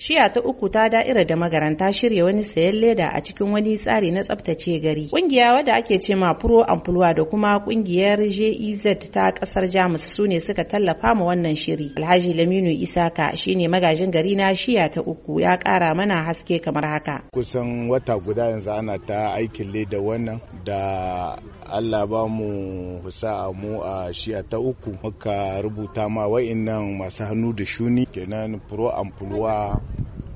Shiya ta uku ta da'ira da magaranta shirya wani sayan leda a cikin wani tsari na tsabtace gari. Kungiya wadda ake ce ma Pro Amfulwa da kuma kungiyar JEZ ta kasar Jamus su ne suka tallafa ma wannan shiri. Alhaji Laminu Isaka shine magajin gari na Shiya ta uku ya kara mana haske kamar haka. Kusan wata guda yanzu ana ta aikin leda wannan da Allah ba mu husa mu a Shiya ta uku muka rubuta ma nan masu hannu da shuni kenan Pro Amfulwa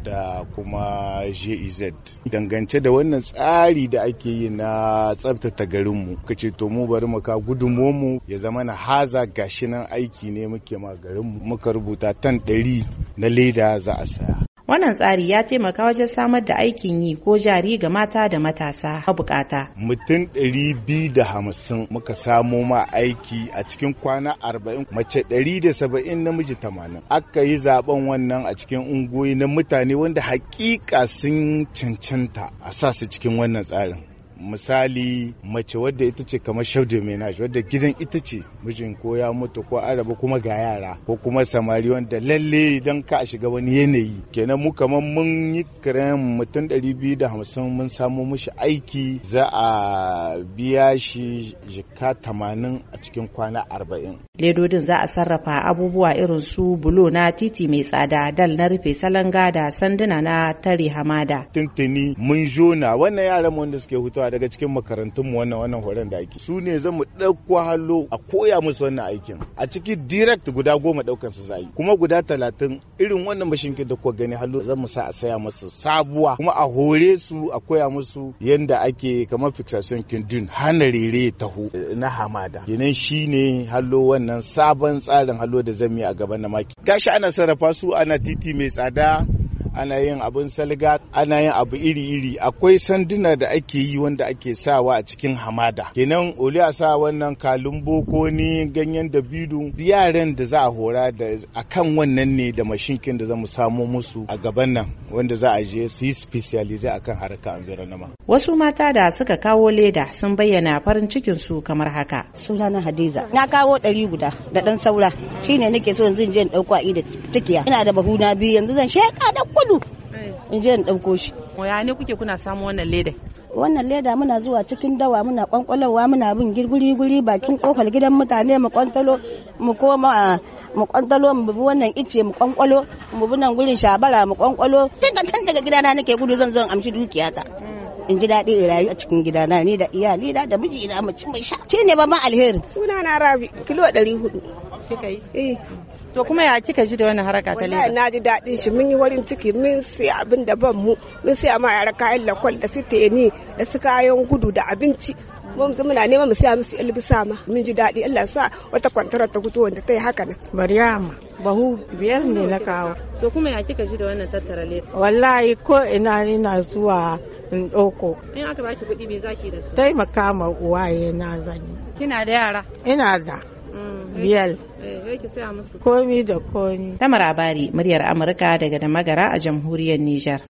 da kuma JEZ. Dangance da wannan tsari da ake yi na tsabtata garinmu, ka ce to mu bari mu ka mu ya zama na haza gashinan aiki ne muke ma garinmu. Muka rubuta tan ɗari na leda za a saya. Wannan tsari ya taimaka wajen samar da aikin yi ko jari ga mata da matasa mabukata. Mutum ɗari biyu da hamsin muka samo ma aiki a cikin kwana arba'in mace ɗari namiji tamanin. Aka yi zaben wannan a cikin ungoyi na mutane wanda hakika sun cancanta a sa cikin wannan tsarin. misali mace wadda ita ce kamar chef de wadda gidan ita ce mijin ko ya mutu ko araba kuma ga yara ko kuma samari wanda lalle don ka a shiga wani yanayi kenan mu kamar mun yi kiran mutum 250 mun samo mushi aiki za a biya shi jika 80 a cikin kwana 40 ledodin za a sarrafa abubuwa irin su bulo na titi mai tsada dal na rufe salanga da sanduna na tare hamada tuntuni mun jona wannan yaran wanda suke hutu yawa daga cikin makarantunmu wannan wannan horon da ake su ne zan mu ɗauko hallo a koya musu wannan aikin a ciki direct guda goma ɗaukan su zai kuma guda talatin irin wannan mashinkin da kuka gani hallo mu sa a saya musu sabuwa kuma a hore su a koya musu yanda ake kamar fixation kindin hana rere taho eh, na hamada kenan shine hallo wannan sabon tsarin hallo da zan yi a gaban na maki gashi ana sarrafa su ana titi mai tsada ana yin abun salga ana yin abu iri-iri akwai sanduna da ake yi wanda ake sawa a cikin hamada kenan oli a sa wannan kalun boko ne ganyen dabidu yaran da za a hora da akan wannan ne da mashinkin da za mu samo musu a gaban nan wanda za a je su yi specialize akan harkar environment wasu mata da suka kawo leda sun bayyana farin cikin su kamar haka sunana hadiza na kawo ɗari guda da ɗan saura shine nake so yanzu in je in ɗauko a da cikiya ina da bahuna biyu yanzu zan sheka da gudu eh. in je in ɗauko shi. Waya ne kuke kuna samu wannan leda? Wannan leda muna zuwa cikin dawa muna kwankwalowa muna bin gurguri guri bakin kofar gidan mutane mu kwantalo mu koma mu kwantalo mu bi wannan ice mu kwankwalo mu bi nan gurin shabara mu kwankwalo tun tun daga gidana nake gudu zan zan in amshi dukiyata. Hmm. in ji daɗi in rayu a cikin gidana ni da iyali na da miji na mace mai sha shi ne ba ma alheri suna na rabi kilo ɗari hudu kika yi eh To kuma ya kika ji da wannan haraka ta Lagos? na ji daɗin shi mun yi warin ciki mun sai abin da ban mu mun sai ma yara kayan lakwal da su teni da su kayan gudu da abinci mun na neman mu mu musu albisa ma mun ji daɗi Allah sa wata kwantarar ta fito wanda ta yi haka nan. Maryama bahu biyar ne na kawo. To kuma ya kika ji da wannan tattara Lagos? Wallahi ko ina ina zuwa in ɗauko. In aka baki kuɗi me zaki da su? Taimaka ma uwaye na zanyi. Kina da yara? Ina da. Mm, eh. Biyar. komi da komi. Tamar Abari, muryar Amurka daga Damagara a jamhuriyar Nijar.